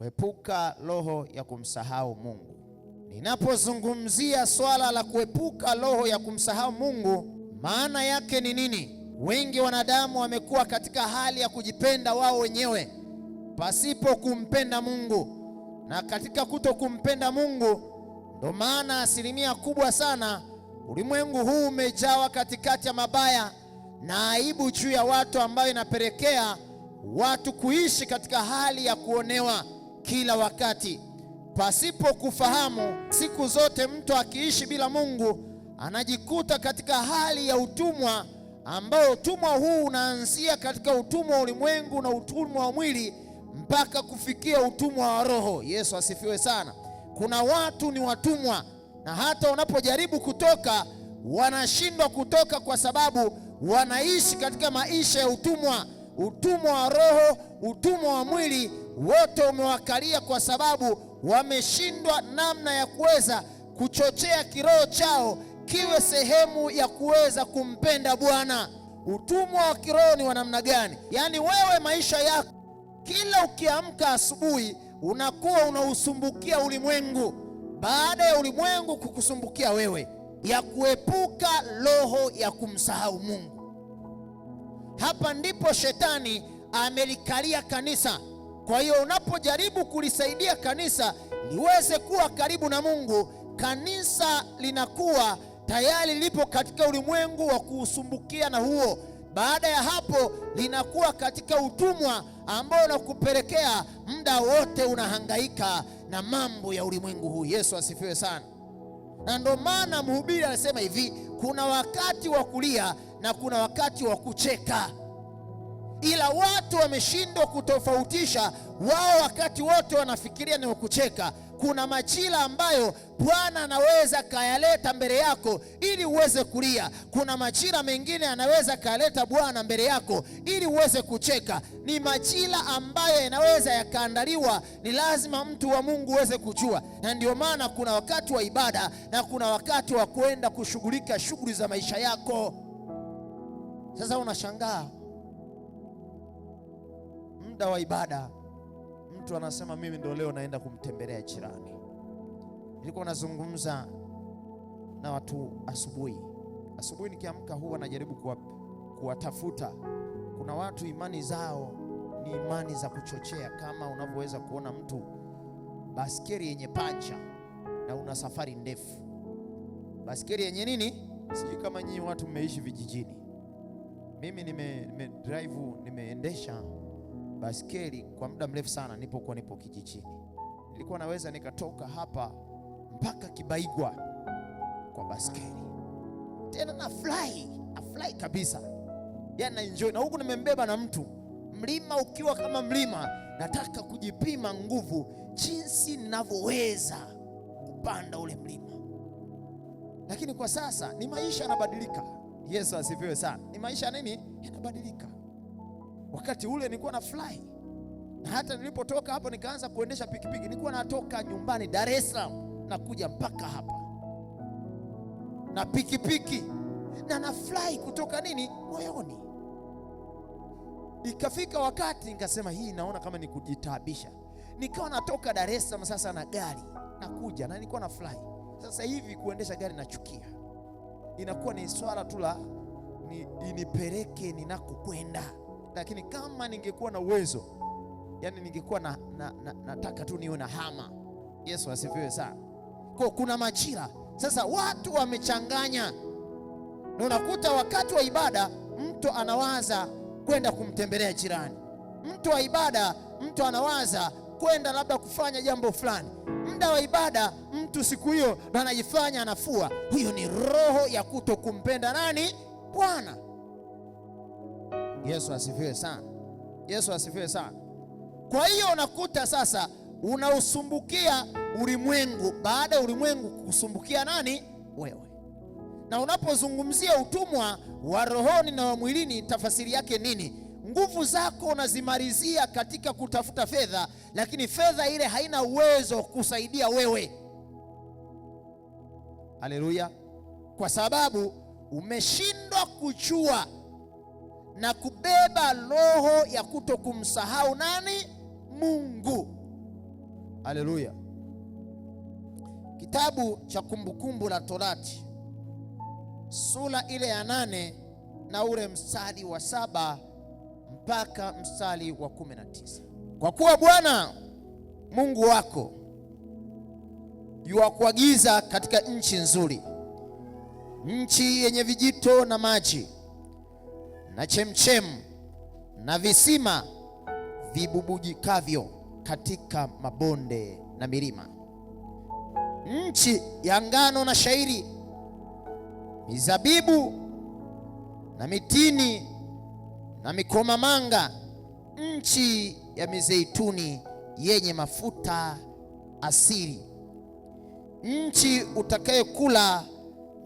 kuepuka roho ya kumsahau Mungu. Ninapozungumzia swala la kuepuka roho ya kumsahau Mungu, maana yake ni nini? Wengi wanadamu wamekuwa katika hali ya kujipenda wao wenyewe pasipo kumpenda Mungu, na katika kuto kumpenda Mungu ndo maana asilimia kubwa sana ulimwengu huu umejawa katikati ya mabaya na aibu juu ya watu, ambayo inapelekea watu kuishi katika hali ya kuonewa kila wakati pasipo kufahamu. Siku zote mtu akiishi bila Mungu anajikuta katika hali ya utumwa, ambao utumwa huu unaanzia katika utumwa wa ulimwengu na utumwa wa mwili mpaka kufikia utumwa wa roho. Yesu asifiwe sana. Kuna watu ni watumwa, na hata wanapojaribu kutoka wanashindwa kutoka, kwa sababu wanaishi katika maisha ya utumwa utumwa wa roho, utumwa wa mwili, wote umewakalia kwa sababu wameshindwa namna ya kuweza kuchochea kiroho chao kiwe sehemu ya kuweza kumpenda Bwana. Utumwa wa kiroho ni wa namna gani? Yaani wewe maisha yako kila ukiamka asubuhi unakuwa unausumbukia ulimwengu, baada ya ulimwengu kukusumbukia wewe, ya kuepuka roho ya kumsahau Mungu. Hapa ndipo shetani amelikalia kanisa. Kwa hiyo unapojaribu kulisaidia kanisa liweze kuwa karibu na Mungu, kanisa linakuwa tayari lipo katika ulimwengu wa kuusumbukia na huo baada ya hapo linakuwa katika utumwa ambao unakupelekea muda wote unahangaika na mambo ya ulimwengu huu. Yesu asifiwe sana. Na ndio maana mhubiri anasema hivi, kuna wakati wa kulia na kuna wakati wa kucheka, ila watu wameshindwa kutofautisha. Wao wakati wote wanafikiria ni kucheka. Kuna majira ambayo Bwana anaweza kayaleta mbele yako ili uweze kulia. Kuna majira mengine anaweza kayaleta Bwana mbele yako ili uweze kucheka. Ni majira ambayo yanaweza yakaandaliwa, ni lazima mtu wa Mungu uweze kujua, na ndio maana kuna wakati wa ibada na kuna wakati wa kwenda kushughulika shughuli za maisha yako. Sasa unashangaa muda wa ibada, mtu anasema mimi ndio leo naenda kumtembelea jirani. Nilikuwa nazungumza na watu asubuhi asubuhi, nikiamka huwa najaribu kuwatafuta. Kuna watu imani zao ni imani za kuchochea, kama unavyoweza kuona mtu baskeli yenye pacha na una safari ndefu, baskeli yenye nini, sijui kama nyinyi watu mmeishi vijijini mimi nime, nime drive nimeendesha baskeli kwa muda mrefu sana nipokuwa nipo kijijini. Nilikuwa naweza nikatoka hapa mpaka Kibaigwa kwa baskeli, tena nafurahi fly kabisa, yani na enjoy, na huku nimembeba na mtu, mlima ukiwa kama mlima. Nataka kujipima nguvu, jinsi ninavyoweza kupanda ule mlima, lakini kwa sasa ni maisha yanabadilika Yesu asifiwe sana. Ni maisha nini yanabadilika. Wakati ule nilikuwa na fly na hata nilipotoka hapo nikaanza kuendesha pikipiki, nilikuwa natoka nyumbani Dar es Salaam nakuja mpaka hapa na pikipiki na na fly kutoka nini moyoni. Ikafika wakati nikasema hii naona kama ni kujitabisha, nikawa natoka Dar es Salaam sasa na gari nakuja, na nilikuwa na fly. Sasa hivi kuendesha gari nachukia inakuwa ni swala tu la ni, inipeleke ninakokwenda. Lakini kama ningekuwa na uwezo, yani ningekuwa na, na, na, nataka tu niwe na hama. Yesu asifiwe sana. Kwa kuna majira sasa, watu wamechanganya, na unakuta wakati wa ibada mtu anawaza kwenda kumtembelea jirani, mtu wa ibada mtu anawaza kwenda labda kufanya jambo fulani muda wa ibada mtu siku hiyo ndo anajifanya anafua. huyo ni roho ya kutokumpenda nani? Bwana. Yesu asifiwe sana. Yesu asifiwe sana. Kwa hiyo unakuta sasa unausumbukia ulimwengu baada ya ulimwengu kusumbukia nani? Wewe. Na unapozungumzia utumwa wa rohoni na wa mwilini, tafasiri yake nini? Nguvu zako unazimalizia katika kutafuta fedha, lakini fedha ile haina uwezo kusaidia wewe. Haleluya! Kwa sababu umeshindwa kuchua na kubeba roho ya kuto kumsahau nani? Mungu. Haleluya! Kitabu cha Kumbukumbu la Torati sura ile ya nane na ule mstari wa saba mpaka mstari wa 19. Kwa kuwa Bwana Mungu wako yuwakuagiza katika nchi nzuri, nchi yenye vijito na maji na chemchemu na visima vibubujikavyo katika mabonde na milima, nchi ya ngano na shairi, mizabibu na mitini na mikomamanga, nchi ya mizeituni yenye mafuta asili, nchi utakayokula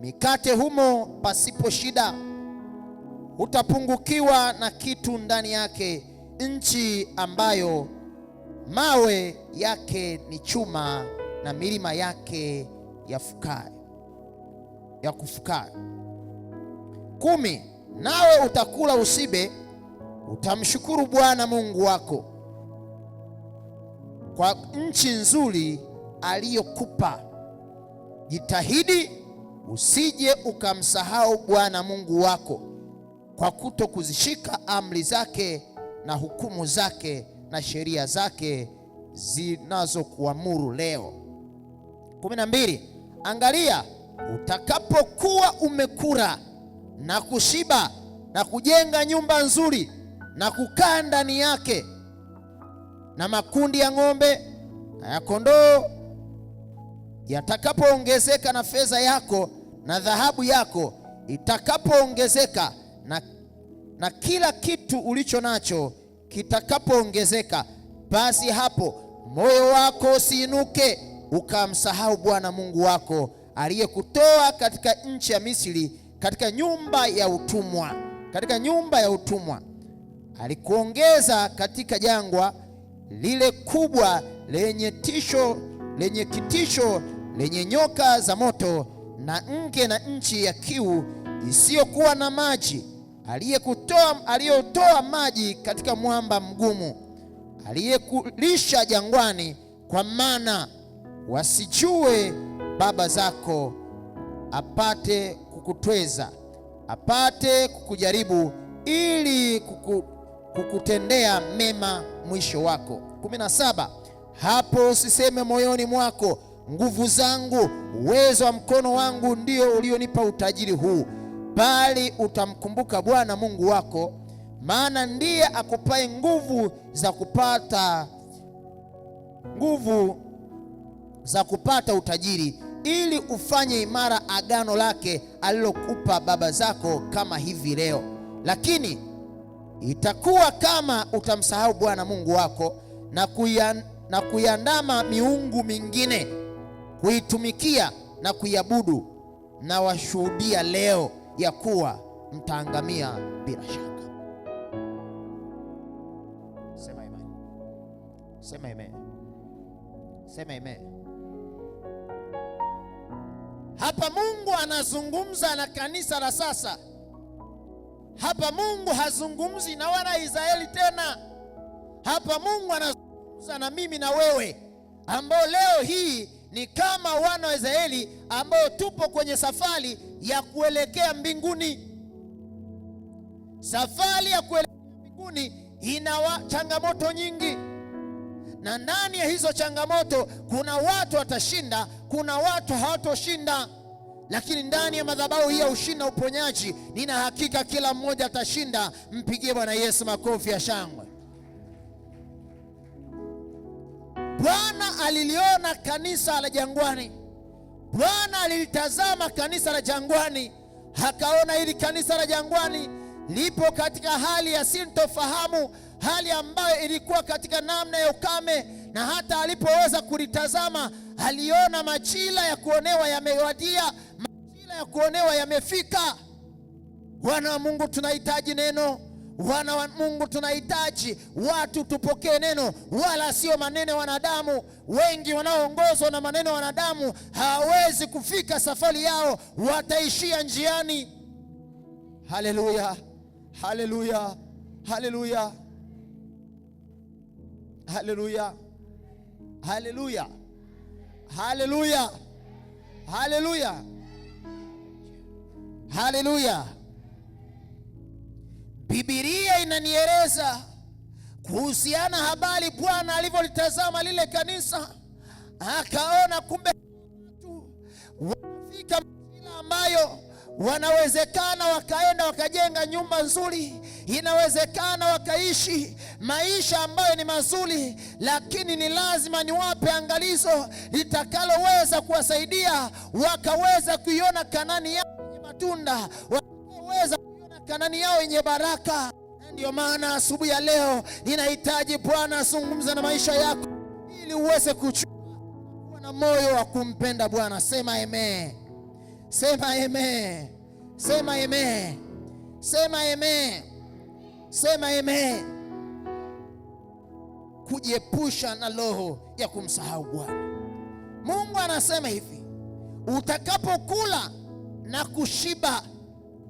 mikate humo pasipo shida, utapungukiwa na kitu ndani yake, nchi ambayo mawe yake ni chuma na milima yake yafukayo ya kufukayo. kumi. Nawe utakula usibe Utamshukuru Bwana Mungu wako kwa nchi nzuri aliyokupa. Jitahidi usije ukamsahau Bwana Mungu wako kwa kuto kuzishika amri zake na hukumu zake na sheria zake zinazokuamuru leo. mbili. Angalia utakapokuwa umekula na kushiba na kujenga nyumba nzuri na kukaa ndani yake, na makundi ya ng'ombe na ya kondoo yatakapoongezeka, na fedha yako na dhahabu yako itakapoongezeka, na, na kila kitu ulicho nacho kitakapoongezeka, basi hapo moyo wako usiinuke ukamsahau Bwana Mungu wako aliyekutoa katika nchi ya Misri, katika nyumba ya utumwa, katika nyumba ya utumwa alikuongeza katika jangwa lile kubwa lenye tisho, lenye kitisho, lenye nyoka za moto na nge na nchi ya kiu isiyokuwa na maji, aliyekutoa aliyotoa maji katika mwamba mgumu, aliyekulisha jangwani kwa mana, wasijue baba zako, apate kukutweza, apate kukujaribu ili kuku kukutendea mema mwisho wako. 17 hapo usiseme moyoni mwako, nguvu zangu, uwezo wa mkono wangu ndio ulionipa utajiri huu, bali utamkumbuka Bwana Mungu wako, maana ndiye akupaye nguvu za kupata nguvu za kupata utajiri ili ufanye imara agano lake alilokupa baba zako kama hivi leo. Lakini Itakuwa kama utamsahau Bwana Mungu wako na kuya, na kuiandama miungu mingine kuitumikia na kuiabudu, na washuhudia leo ya kuwa mtaangamia bila shaka. Sema amen. Sema amen. Sema amen. Hapa Mungu anazungumza na kanisa la sasa. Hapa Mungu hazungumzi na wana Israeli tena. Hapa Mungu anazungumza na mimi na wewe, ambao leo hii ni kama wana wa Israeli ambao tupo kwenye safari ya kuelekea mbinguni. Safari ya kuelekea mbinguni ina changamoto nyingi, na ndani ya hizo changamoto kuna watu watashinda, kuna watu hawatoshinda lakini ndani ya madhabahu hii ya ushindi na uponyaji, nina hakika kila mmoja atashinda. Mpigie Bwana Yesu makofi ya shangwe. Bwana aliliona kanisa la jangwani. Bwana alilitazama kanisa la jangwani, akaona hili kanisa la jangwani lipo katika hali ya sintofahamu, hali ambayo ilikuwa katika namna ya ukame, na hata alipoweza kulitazama aliona majira ya kuonewa yamewadia, ya kuonewa yamefika. Wana wa Mungu tunahitaji neno. Wana wa Mungu tunahitaji watu tupokee neno, wala sio maneno ya wanadamu. Wengi wanaoongozwa na maneno ya wanadamu hawawezi kufika safari yao, wataishia njiani. Haleluya, haleluya, haleluya, haleluya, haleluya, haleluya, haleluya. Haleluya! bibilia inanieleza kuhusiana habari Bwana alivyolitazama lile kanisa, akaona kumbe watu wanafika majira ambayo wanawezekana wakaenda wakajenga nyumba nzuri, inawezekana wakaishi maisha ambayo ni mazuri, lakini ni lazima niwape angalizo litakaloweza kuwasaidia wakaweza kuiona Kanani yao matunda wanaoweza kuiona Kanani yao yenye baraka. ndio maana asubuhi ya leo ninahitaji Bwana azungumza na maisha yako ili uweze kuchua kuwa na moyo wa kumpenda Bwana. Sema amen, sema amen, sema amen, sema amen, sema amen. kujiepusha na roho ya kumsahau Bwana. Mungu anasema hivi, utakapokula na kushiba,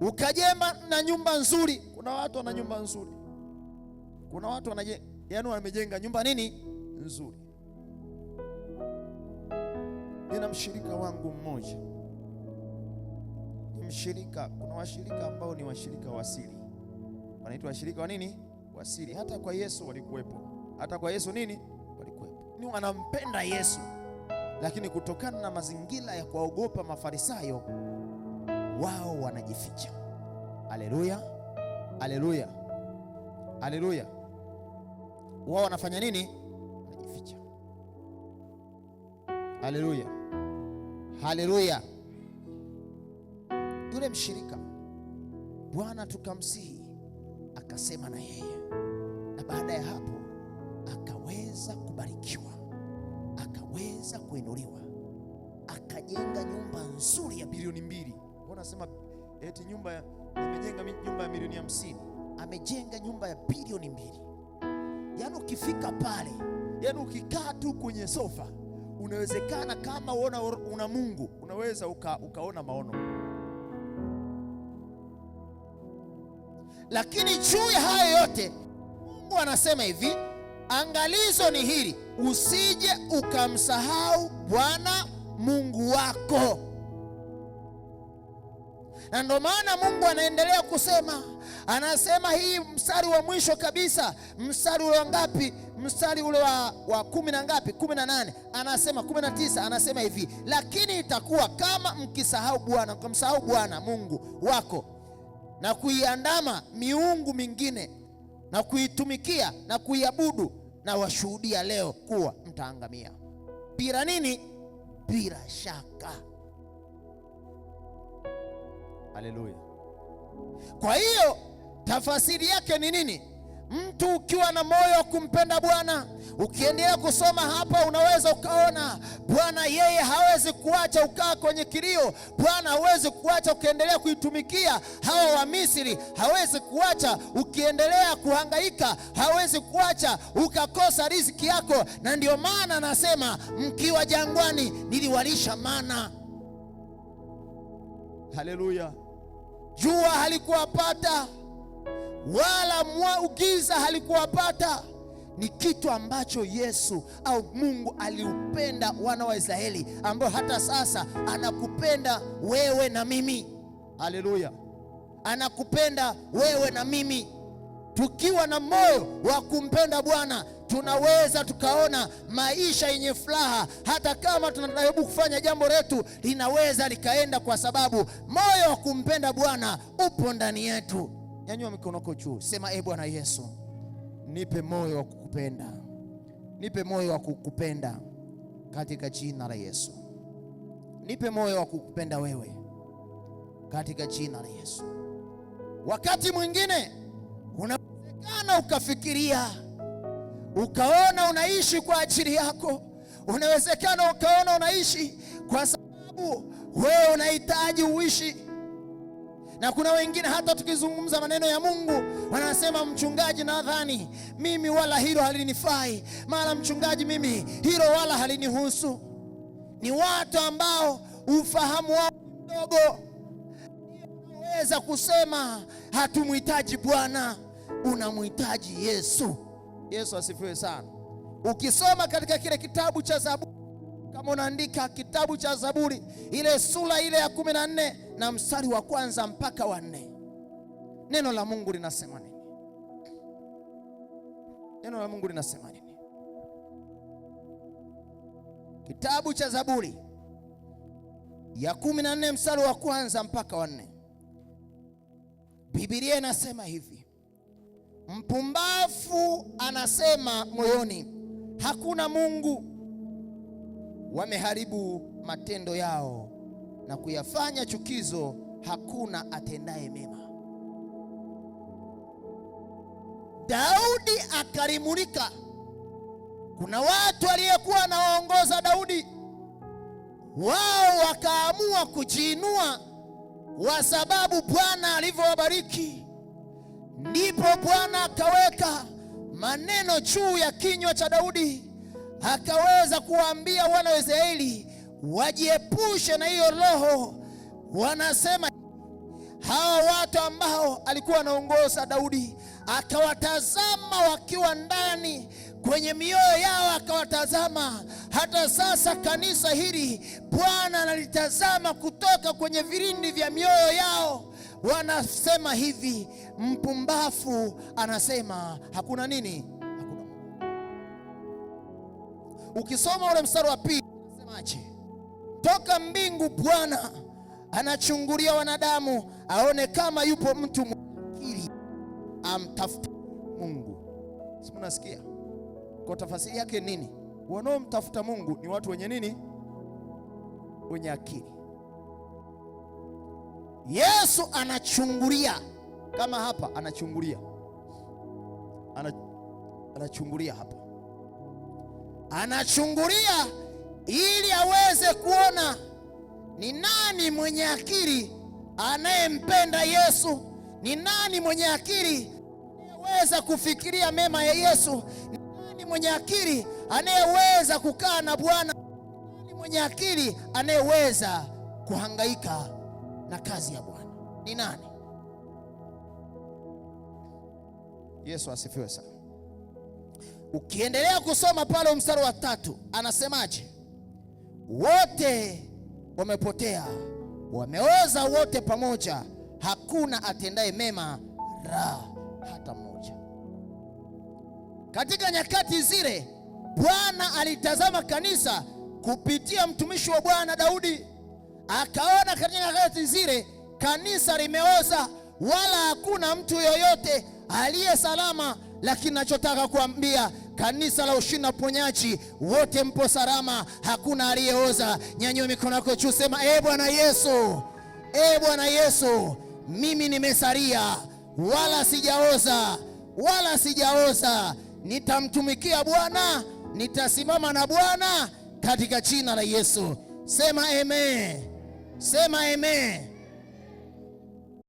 ukajema na nyumba nzuri. Kuna watu wana nyumba nzuri, kuna watu wana yaani wamejenga nyumba nini nzuri. Nina mshirika wangu mmoja, ni mshirika. Kuna washirika ambao ni washirika wa siri, wanaitwa washirika wa nini wa siri. Hata kwa Yesu walikuwepo, hata kwa Yesu nini walikuwepo, ni wanampenda Yesu, lakini kutokana na mazingira ya kuwaogopa Mafarisayo wao wanajificha. Haleluya, haleluya, haleluya! Wao wanafanya nini? Wanajificha. Haleluya, haleluya! Yule mshirika Bwana tukamsihi akasema na yeye, na baada ya hapo akaweza kubarikiwa, akaweza kuinuliwa, akajenga nyumba nzuri ya bilioni mbili mbona nasema eti nyumba amejenga nyumba ya milioni hamsini, amejenga nyumba ya bilioni mbili. Yaani ukifika pale, yaani ukikaa tu kwenye sofa, unawezekana kama uona una Mungu unaweza uka, ukaona maono Lakini juu ya hayo yote Mungu anasema hivi, angalizo ni hili, usije ukamsahau Bwana Mungu wako na ndio maana Mungu anaendelea kusema, anasema hii mstari wa mwisho kabisa, mstari ule wa ngapi? Mstari ule wa, wa kumi na ngapi? kumi na nane anasema kumi na tisa anasema hivi, lakini itakuwa kama mkisahau Bwana, mkamsahau Bwana Mungu wako na kuiandama miungu mingine na kuitumikia na kuiabudu, na washuhudia leo kuwa mtaangamia. Bila nini? Bila shaka Haleluya. Kwa hiyo tafasiri yake ni nini? Mtu ukiwa na moyo wa kumpenda Bwana, ukiendelea kusoma hapa, unaweza ukaona Bwana yeye hawezi kuacha ukaa kwenye kilio. Bwana hawezi kuacha ukiendelea kuitumikia hawa wa Misri, hawezi kuacha ukiendelea kuhangaika, hawezi kuacha ukakosa riziki yako. Na ndio maana anasema mkiwa jangwani niliwalisha mana. Haleluya. Jua halikuwapata wala ugiza halikuwapata. Ni kitu ambacho Yesu au Mungu aliupenda wana wa Israeli, ambayo hata sasa anakupenda wewe na mimi. Haleluya, anakupenda wewe na mimi. Tukiwa na moyo wa kumpenda Bwana tunaweza tukaona maisha yenye furaha, hata kama tunajaribu kufanya jambo letu linaweza likaenda, kwa sababu moyo wa kumpenda Bwana upo ndani yetu. Nyanyua mikono yako juu, sema e Bwana Yesu, nipe moyo wa kukupenda, nipe moyo wa kukupenda katika jina la Yesu, nipe moyo wa kukupenda wewe katika jina la Yesu. Wakati mwingine Unaweza ukafikiria ukaona unaishi kwa ajili yako, unawezekana ukaona unaishi kwa sababu wewe unahitaji uishi. Na kuna wengine hata tukizungumza maneno ya Mungu wanasema, mchungaji, nadhani mimi wala hilo halinifai, mara mchungaji, mimi hilo wala halinihusu. Ni watu ambao ufahamu wao mdogo, weza kusema hatumhitaji Bwana unamhitaji Yesu. Yesu asifiwe sana. Ukisoma katika kile kitabu cha Zaburi, kama unaandika kitabu cha Zaburi ile sura ile ya kumi na nne na mstari wa kwanza mpaka wa nne, neno la Mungu linasema nini? Neno la Mungu linasema nini? Kitabu cha Zaburi ya kumi na nne mstari wa kwanza mpaka wa nne, Biblia inasema hivi Mpumbavu anasema moyoni, hakuna Mungu. Wameharibu matendo yao na kuyafanya chukizo, hakuna atendaye mema. Daudi akalimulika. Kuna watu aliyekuwa anawaongoza Daudi, wao wakaamua kujiinua kwa sababu Bwana alivyowabariki. Ndipo Bwana akaweka maneno juu ya kinywa cha Daudi, akaweza kuwaambia wana wa Israeli wajiepushe na hiyo roho. Wanasema hawa watu ambao alikuwa anaongoza Daudi, akawatazama wakiwa ndani kwenye mioyo yao, akawatazama hata sasa kanisa hili Bwana analitazama kutoka kwenye vilindi vya mioyo yao. Wanasema hivi Mpumbafu anasema hakuna nini? Hakuna Mungu. Ukisoma ule mstari wa pili unasemaje? Toka mbingu Bwana anachungulia wanadamu aone kama yupo mtu mwakili amtafute Mungu. Si mnasikia? Kwa tafasiri yake nini? Wanaomtafuta Mungu ni watu wenye nini? Wenye akili. Yesu anachungulia kama hapa anachungulia, anachungulia hapa, anachungulia ili aweze kuona ni nani mwenye akili anayempenda Yesu, ni nani mwenye akili anayeweza kufikiria mema ya Yesu, ni nani mwenye akili anayeweza kukaa na Bwana, ni nani mwenye akili anayeweza kuhangaika na kazi ya Bwana, ni nani? Yesu asifiwe sana. Ukiendelea kusoma pale mstari wa tatu anasemaje? Wote wamepotea, wameoza wote pamoja, hakuna atendaye mema ra hata mmoja. Katika nyakati zile Bwana alitazama kanisa kupitia mtumishi wa Bwana Daudi, akaona katika nyakati zile kanisa limeoza, wala hakuna mtu yoyote aliye salama. Lakini nachotaka kuambia kanisa la ushindi na uponyaji, wote mpo salama, hakuna aliyeoza. Nyanyua mikono yako juu, sema e Bwana Yesu, e Bwana Yesu, mimi nimesalia, wala sijaoza, wala sijaoza. Nitamtumikia Bwana, nitasimama na Bwana katika jina la Yesu. Sema amen, sema amen.